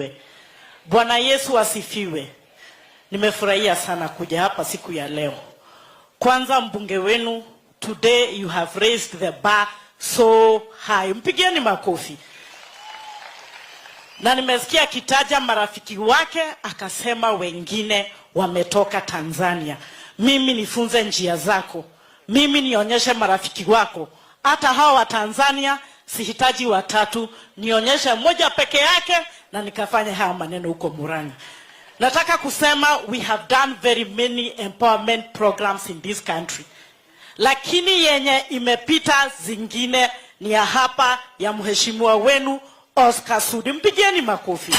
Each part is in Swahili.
ahimidiwe. Bwana Yesu asifiwe. Nimefurahia sana kuja hapa siku ya leo. Kwanza mbunge wenu, today you have raised the bar so high. Mpigieni makofi. Na nimesikia akitaja marafiki wake akasema wengine wametoka Tanzania. Mimi nifunze njia zako, mimi nionyeshe marafiki wako, hata hawa wa Tanzania sihitaji watatu, nionyeshe mmoja peke yake na nikafanya haya maneno huko Murang'a. Nataka kusema we have done very many empowerment programs in this country, lakini yenye imepita zingine ni ya hapa ya mheshimiwa wenu Oscar Sudi, mpigieni makofi.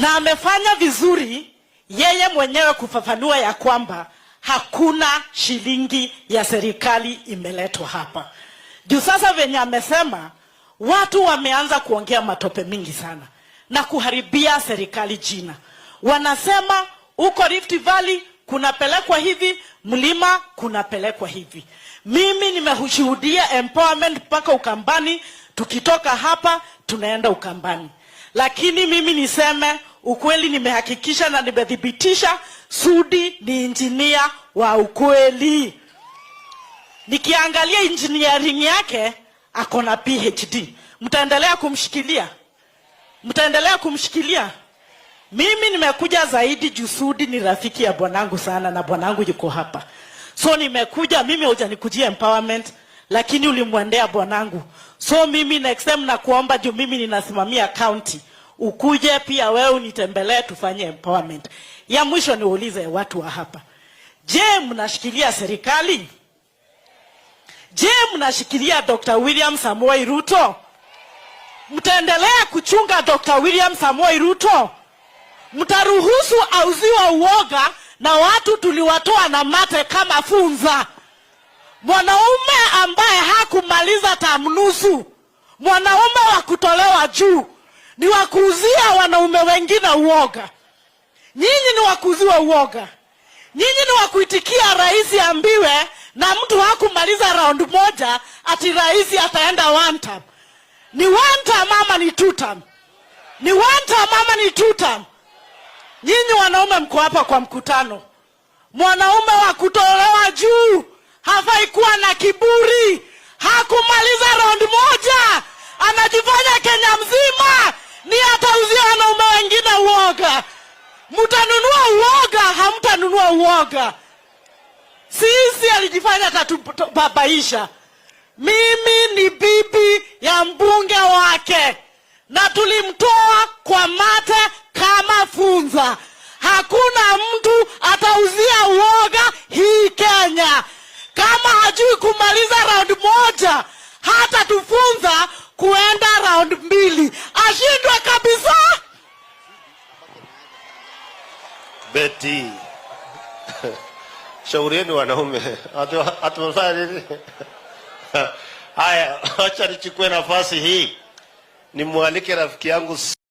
Na amefanya vizuri yeye mwenyewe kufafanua ya kwamba hakuna shilingi ya serikali imeletwa hapa. Juu sasa venye amesema watu wameanza kuongea matope mingi sana na kuharibia serikali jina. Wanasema huko Rift Valley kunapelekwa hivi, mlima kunapelekwa hivi. Mimi nimeshuhudia empowerment mpaka Ukambani, tukitoka hapa tunaenda Ukambani. Lakini mimi niseme ukweli, nimehakikisha na nimethibitisha Sudi ni injinia wa ukweli. Nikiangalia engineering yake ako na PhD. Mtaendelea kumshikilia? Mtaendelea kumshikilia? Mimi nimekuja zaidi jusudi ni rafiki ya bwanangu sana na bwanangu yuko hapa. So nimekuja mimi, hujanikujia empowerment lakini ulimwendea bwanangu. So mimi next time nakuomba juu mimi ninasimamia county. Ukuje pia wewe unitembelee tufanye empowerment. Ya mwisho niulize watu wa hapa. Je, mnashikilia serikali? Je, mnashikilia Dr. William Samoei Ruto? Mtaendelea kuchunga Dr. William Samoei Ruto? Mtaruhusu auziwa uoga na watu tuliwatoa na mate kama funza? Mwanaume ambaye hakumaliza tamnusu, mwanaume wa kutolewa juu, ni wa kuuzia wanaume wengine uoga. Nyinyi ni wa kuuziwa uoga, nyinyi ni wa kuitikia rais ambiwe na mtu hakumaliza round moja ati rais ataenda one term. Ni one term ama ni two term? Ni one term ama ni two term? Nyinyi wanaume mko hapa kwa mkutano, mwanaume wa kutolewa juu hafai kuwa na kiburi. Hakumaliza round moja, anajifanya Kenya mzima ni atauzia wanaume wengine uoga. Mtanunua uoga, hamtanunua uoga sisi alijifanya atatubabaisha. Mimi ni bibi ya mbunge wake na tulimtoa kwa mate kama funza. Hakuna mtu atauzia uoga hii Kenya. Kama hajui kumaliza raundi moja, hata tufunza kuenda raundi mbili, ashindwe kabisa. Beti Shaurieni wanaume atufanya nini? Haya, acha nichukue nafasi hii nimwalike rafiki yangu.